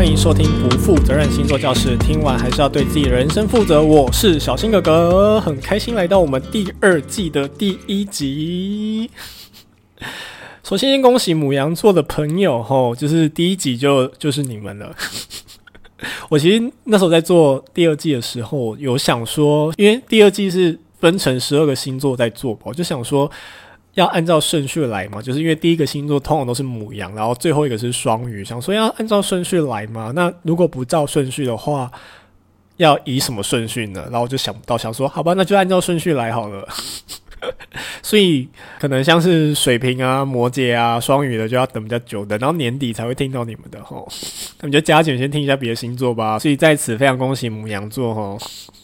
歡迎收聽《不負責任星座教室》，聽完還是要對自己的人生負責。我是小新哥哥，很開心來到我們第二季的第一集。首先，先恭喜牡羊座的朋友，就是第一集就就是你們了。我其實那時候在做第二季的時候，有想說，因為第二季是分成十二個星座在做，我就想說。要按照順序來嘛？就是因為第一個星座通常都是牡羊，然後最後一個是雙魚，想說要按照順序來嘛？那如果不照順序的話，要以什麼順序呢？然後就想不到，想說好吧，那就按照順序來好了。 所以可能像是水瓶啊、摩羯啊、雙魚的就要等比較久的，等然後年底才會聽到你們的吼，那我們就加緊先聽一下別的星座吧。所以在此非常恭喜牡羊座哈，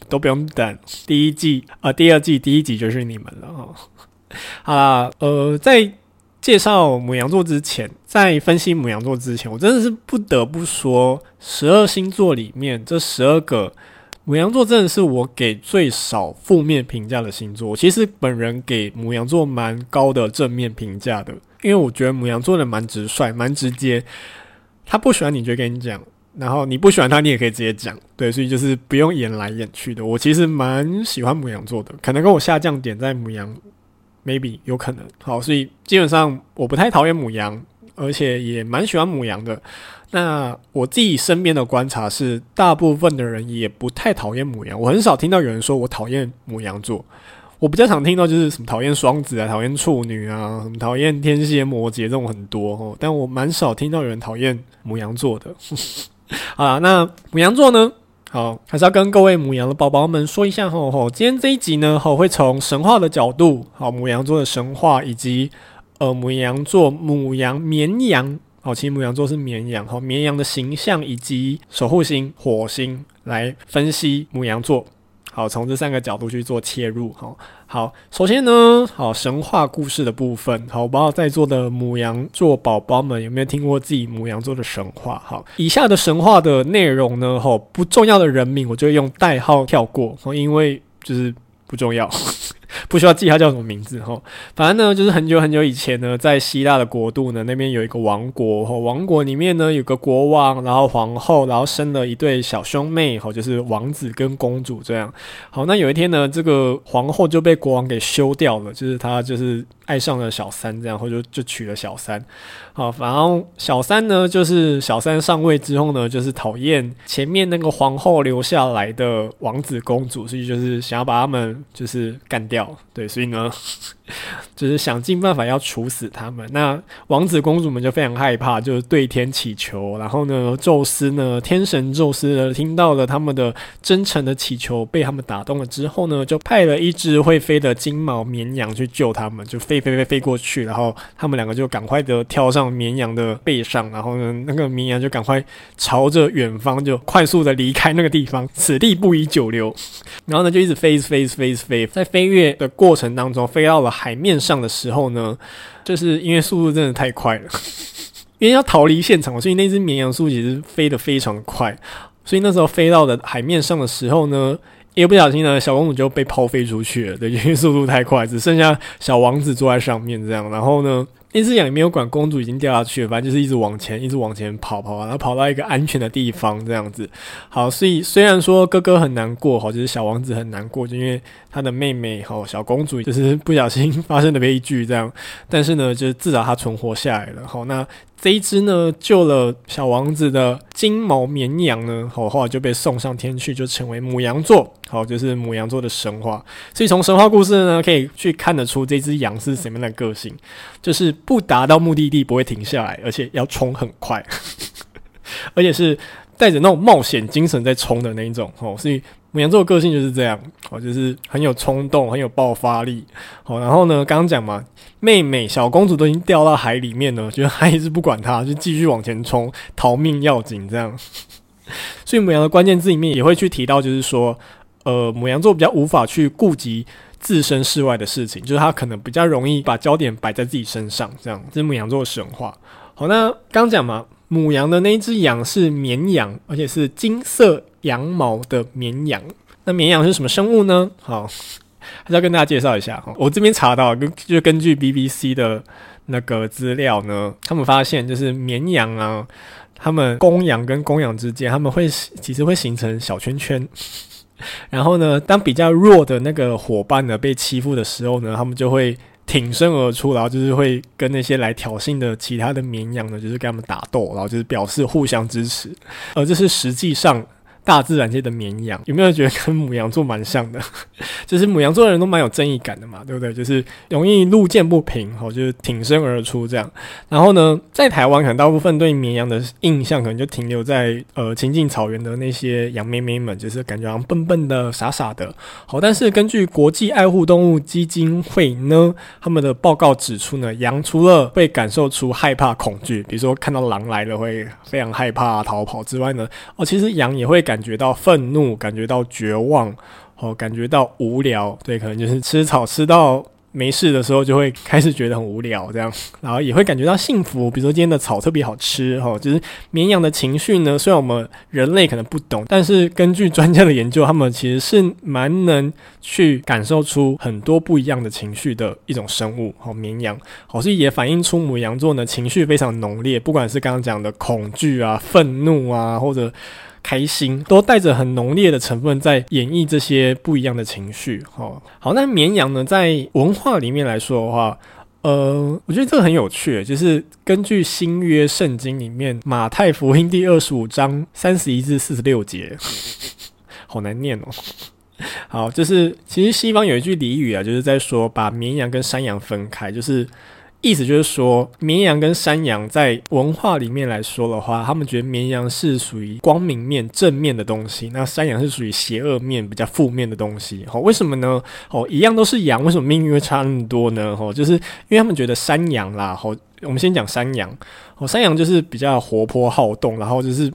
都不用等第一季啊、呃，第二季第一集就是你們了哈。齁好啦，呃，在介紹牡羊座之前，在分析牡羊座之前，我真的是不得不說，十二星座裡面這十二個牡羊座真的是我給最少負面評價的星座。我其實本人給牡羊座蠻高的正面評價的，因為我覺得牡羊座人蠻直率、蠻直接，他不喜歡你就跟你講，然後你不喜歡他，你也可以直接講，對，所以就是不用演來演去的。我其實蠻喜歡牡羊座的，可能跟我下降點在牡羊。maybe 有可能，好，所以基本上我不太討厭牡羊，而且也蠻喜歡牡羊的。那我自己身邊的觀察是，大部分的人也不太討厭牡羊，我很少聽到有人說我討厭牡羊座。我比較常聽到就是什麼討厭雙子啊，討厭處女啊，討厭天蠍、摩羯這種很多，但我蠻少聽到有人討厭牡羊座的。 好，那牡羊座呢？好，還是要跟各位牡羊的寶寶們說一下吼吼，今天這一集呢，吼會從神話的角度，好，牡羊座的神話以及呃牡羊座、牡羊、綿羊，好，其實牡羊座是綿羊，吼綿羊的形象以及守護星火星來分析牡羊座。好，從這三個角度去做切入，哈。好，首先呢，好，神話故事的部分，好，不知道在座的牡羊座寶寶們有沒有聽過自己牡羊座的神話，哈。以下的神話的內容呢，哈，不重要的人名，我就用代號跳過，哈，因為就是不重要。不需要記他叫什麼名字哈、哦，反正呢，就是很久很久以前呢，在希臘的國度呢，那邊有一個王國哈、哦，王國裡面呢，有個國王，然後皇後，然後生了一對小兄妹哈、哦，就是王子跟公主這樣。好，那有一天呢，這個皇後就被國王給休掉了，就是她就是。愛上了小三，這樣，然後就就娶了小三。好，反正小三呢，就是小三上位之後呢，就是討厭前面那個皇后留下來的王子公主，所以就是想要把他們就是幹掉。對，所以呢， 就是想盡辦法要處死他們。那王子公主們就非常害怕，就是對天祈求。然後呢，宙斯呢，天神宙斯呢，聽到了他們的真誠的祈求，被他們打動了之後呢，就派了一隻會飛的金毛綿羊去救他們，就飛。飛飛飛飛過去，然後他們兩個就趕快的跳上綿羊的背上，然後呢，那個綿羊就趕快朝着遠方就快速的離開那個地方，此地不宜久留。然後呢，就一直飛飛飛飛，在飛越的過程當中，飛到了海面上的時候呢，就是因為速度真的太快了，因為要逃離現場，所以那隻綿羊速度其實飛得非常快，所以那時候飛到的海面上的時候呢。一不小心呢，小公主就被拋飛出去了，對，因為速度太快，只剩下小王子坐在上面這樣。然後呢，一隻羊也沒有管公主已經掉下去了，反正就是一直往前，一直往前跑，跑，然後跑到一個安全的地方這樣子。好，所以雖然說哥哥很難過，好，就是小王子很難過，就因為他的妹妹，好，小公主就是不小心發生了悲劇這樣，但是呢，就是至少他存活下來了，好，那。這一隻呢，救了小王子的金毛綿羊呢，好，後來就被送上天去，就成為牡羊座，好，就是牡羊座的神話。所以從神話故事呢，可以去看得出這隻羊是什麼樣的個性，就是不達到目的地不會停下來，而且要衝很快， 而且是帶着那種冒險精神在衝的那一種，好，所以。牡羊座的個性就是這樣，好，就是很有衝動，很有爆發力。好，然後呢，剛剛講嘛，妹妹、小公主都已經掉到海裡面了，就還是不管他，就繼續往前衝，逃命要緊這樣。所以牡羊的關鍵字裡面也會去提到，就是說，呃，牡羊座比較無法去顧及置身事外的事情，就是他可能比較容易把焦點擺在自己身上這樣。這是牡羊座的神話。好，那剛講嘛。牡羊的那一隻羊是綿羊，而且是金色羊毛的綿羊。那綿羊是什麼生物呢？好，還是要跟大家介紹一下。我這邊查到，就根據 BBC 的那個資料呢，他們發現就是綿羊啊，他們公羊跟公羊之間，他們會其實會形成小圈圈。然後呢，當比較弱的那個夥伴呢被欺負的時候呢，他們就會挺身而出，然後就是會跟那些來挑釁的其他的綿羊呢，就是跟他們打鬥，然後就是表示互相支持。而這是實際上。大自然界的綿羊有沒有覺得跟牡羊座蠻像的？ 就是牡羊座的人都蠻有正義感的嘛，對不對？就是容易路見不平，好、喔，就是挺身而出這樣。然後呢，在台灣可能大部分對綿羊的印象可能就停留在呃，親近草原的那些羊咩咩們，就是感覺好像笨笨的、傻傻的。好，但是根據國際愛護動物基金會呢，他們的報告指出呢，羊除了會感受出害怕、恐懼，比如說看到狼來了會非常害怕逃跑之外呢，哦、喔，其實羊也會感感覺到憤怒，感覺到絕望，哦，感覺到無聊，對，可能就是吃草吃到沒事的時候，就會開始覺得很無聊，這樣，然後也會感覺到幸福，比如說今天的草特別好吃。哦，就是綿羊的情緒呢，雖然我們人類可能不懂，但是根據專家的研究，他們其實是蠻能去感受出很多不一樣的情緒的一種生物，哦、綿羊，好、哦、是也反映出母羊座呢情緒非常濃烈，不管是剛剛講的恐懼啊、憤怒啊，或者。開心都帶着很濃烈的成分，在演繹這些不一樣的情緒。哦，好，那綿羊呢？在文化裡面來說的話，呃，我覺得這個很有趣，就是根據新約聖經裡面馬太福音第二十五章三十一至四十六節，好難念哦、喔。好，就是其實西方有一句俚語啊，就是在說把綿羊跟山羊分開，就是。意思就是說，綿羊跟山羊在文化裡面來說的話，他們覺得綿羊是屬於光明面、正面的東西，那山羊是屬於邪惡面、比較負面的東西。齁，為什麼呢？齁，一樣都是羊，為什麼命運會差那麼多呢？齁，就是因為他們覺得山羊啦，齁，我們先講山羊，齁，山羊就是比較活潑好動，然後就是。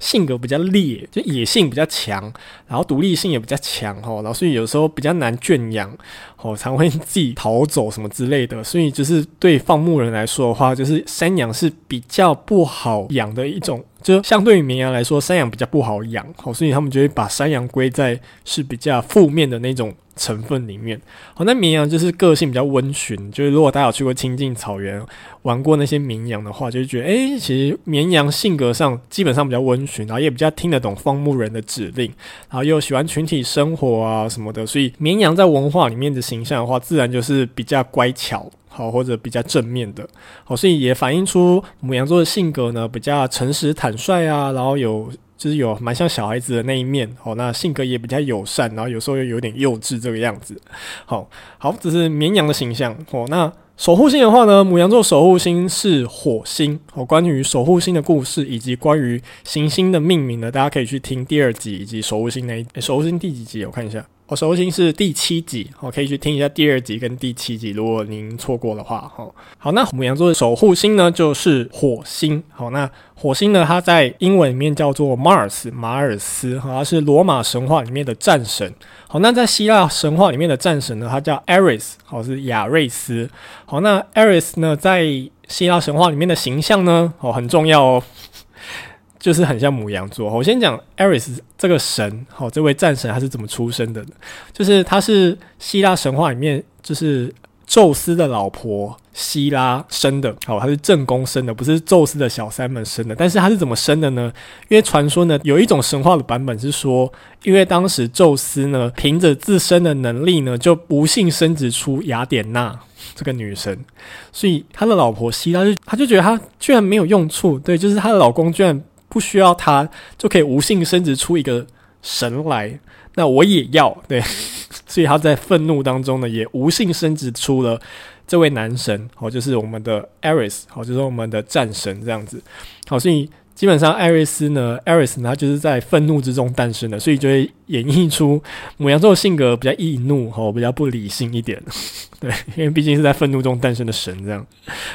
性格比較烈，就野性比較強，然後獨立性也比較強，吼，所以有時候比較難圈養，吼，常會自己逃走什麼之類的，所以就是對放牧人來說的話，就是山羊是比較不好養的一種，就相對於綿羊來說，山羊比較不好養，吼，所以他們就會把山羊歸在是比較負面的那種。成分裡面，好，那綿羊就是個性比較溫馴，就是如果大家有去過清境草原玩過那些綿羊的話，就會覺得誒、欸，其實綿羊性格上基本上比較溫馴，然後也比較聽得懂放牧人的指令，然後又喜歡群體生活啊什麼的，所以綿羊在文化裡面的形象的話，自然就是比較乖巧，好或者比較正面的，好，所以也反映出牡羊座的性格呢，比較誠實坦率啊，然後有。有蠻像小孩子的那一面哦，那性格也比較友善，然後有時候又有點幼稚這個樣子。好、哦、好，這是綿羊的形象哦。那守護星的話呢，牡羊座守護星是火星哦。關於守護星的故事以及關於行星的命名呢，大家可以去聽第二集以及守護星那一、欸、守護星第幾集？我看一下。我守護星是第七集，我、哦，可以去聽一下第二集跟第七集，如果您錯過的話，哈、哦。好，那牡羊座的守護星呢，就是火星。好，那火星呢，它在英文裡面叫做 Mars，馬爾斯，好，它是羅馬神話裡面的戰神。好，那在希臘神話裡面的戰神呢，它叫 Ares，好，是雅瑞斯。好，那 Ares 呢，在希臘神話裡面的形象呢，哦，很重要哦。就是很像牡羊座。好，我先講艾瑞斯這個神，好、哦，這位戰神他是怎麼出生的？就是他是希臘神話裡面，就是宙斯的老婆希拉生的。好，他是正宮生的，不是宙斯的小三們生的。但是他是怎麼生的呢？因為傳說呢，有一種神話的版本是說，因為當時宙斯呢，憑着自身的能力呢，就不幸生殖出雅典娜這個女神，所以他的老婆希拉就他就覺得他居然沒有用處，對，就是他的老公居然。不需要他就可以無性生殖出一個神來，那我也要對， 所以他在憤怒當中呢，也無性生殖出了這位男神，好、哦，就是我們的 Ares，好、哦，就是我們的戰神這樣子。好，所以基本上艾瑞斯呢，Ares 呢，他就是在憤怒之中誕生的，所以就會演繹出牡羊座性格比較易怒，好、哦，比較不理性一點。 因為畢竟是在憤怒中誕生的神這樣。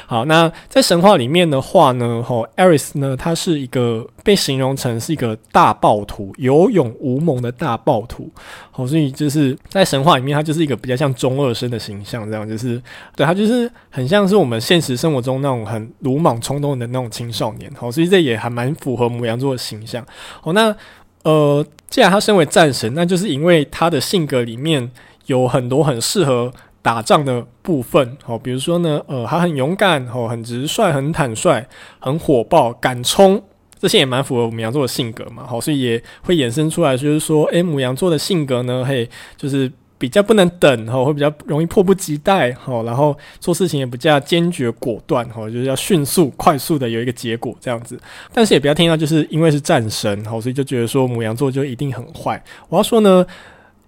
好，那在神話裡面的話呢，哈、哦、a r 斯 s 呢，他是一個被形容成是一個大暴徒，有勇無謀的大暴徒。好、哦，所以就是在神話裡面，他就是一個比較像中二生的形象，這樣就是對，他就是很像是我們現實生活中那種很魯莽衝動的那種青少年。好、哦，所以這也還蠻符合摩羯座的形象。好、哦，那呃，既然他身為戰神，那就是因為他的性格裡面有很多很適合。打仗的部分，好，比如說呢，呃，他很勇敢，哦，很直率，很坦率，很火爆，敢衝，這些也蠻符合我們牡羊座的性格嘛，好，所以也會衍生出來，就是說，誒、欸，牡羊座的性格呢，嘿，就是比較不能等，哦，會比較容易迫不及待，哦，然後做事情也比較堅決果斷，吼，就是要迅速、快速的有一個結果這樣子。但是也不要聽到就是因為是戰神，好，所以就覺得說牡羊座就一定很壞。我要說呢。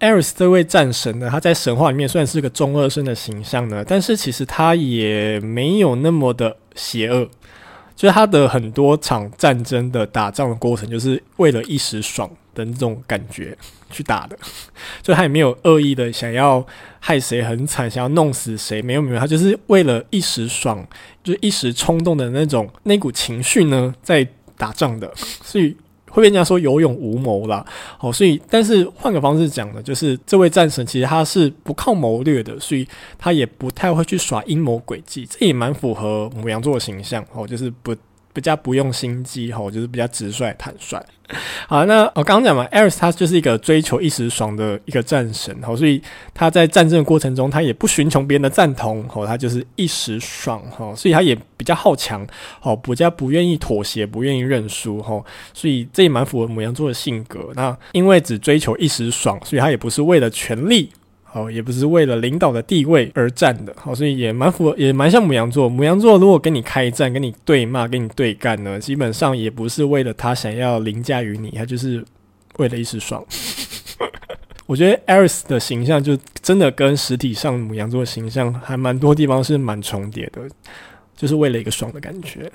艾瑞斯這位戰神呢，他在神話裡面算是個中二生的形象呢，但是其實他也沒有那麼的邪惡，就是他的很多場戰爭的打仗的過程，就是為了一時爽的那種感覺去打的，就他也沒有惡意的想要害誰很慘，想要弄死誰，沒有沒有，他就是為了一時爽，就一時衝動的那種那股情緒呢，在打仗的，所以。會被人家說有勇無謀啦。好、哦，所以但是換個方式講呢，就是這位戰神其實他是不靠謀略的，所以他也不太會去耍陰謀詭計，這也蠻符合牡羊座的形象，哦，就是不。比較不用心機哈，就是比較直率坦率。好，那我剛剛講嘛，Ares 他就是一個追求一時爽的一個戰神哈，所以他在戰爭的過程中，他也不尋求別人的贊同哈、哦，他就是一時爽哈、哦，所以他也比較好強哦，比較不願意妥協，不願意認輸哈、哦，所以這也蠻符合牡羊座的性格。那因為只追求一時爽，所以他也不是為了權力。好，也不是為了領導的地位而戰的，好，所以也蠻符合，也蠻像牡羊座。牡羊座如果跟你開戰、跟你對罵、跟你對幹呢，基本上也不是為了他想要凌駕於你，他就是為了一時爽。 我覺得 Ares 的形象就真的跟實體上牡羊座形象還蠻多地方是蠻重疊的，就是為了一個爽的感覺。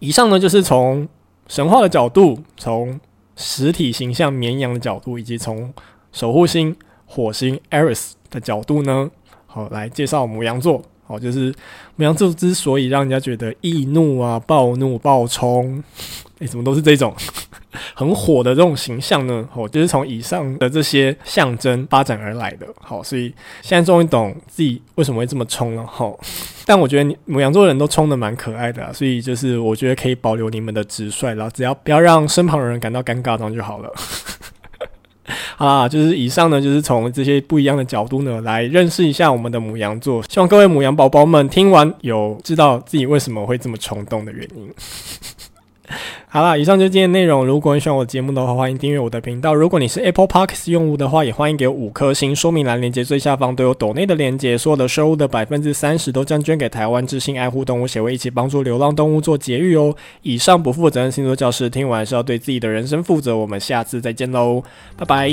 以上呢，就是從神話的角度，從實體形象綿羊的角度，以及從守護星。火星 Eris 的角度呢？好，來介紹牡羊座。好，就是牡羊座之所以讓人家覺得易怒啊、暴怒、暴衝，誒、欸，怎麼都是這種 很火的這種形象呢？好，就是從以上的這些象徵發展而來的。好，所以現在終於懂自己為什麼會這麼衝了、啊。好，但我覺得你牡羊座的人都衝的蠻可愛的、啊，所以就是我覺得可以保留你們的直率，然後只要不要讓身旁的人感到尷尬，這樣就好了。好、啊、啦，就是以上呢，就是從這些不一樣的角度呢，來認識一下我們的牡羊座。希望各位牡羊寶寶們聽完有知道自己為什麼會這麼衝動的原因。 好啦，以上就是今天的內容。如果你喜歡我的節目的話，歡迎訂閱我的頻道。如果你是 Apple Podcast 用戶的話，也歡迎給我五顆星。說明欄連接最下方都有斗內的連接。所有的收入的百分之三十都將捐給台灣之心愛護動物協會，一起幫助流浪動物做絕育哦。以上不負責任星座教室，聽完是要對自己的人生負責。我們下次再見嘍，拜拜。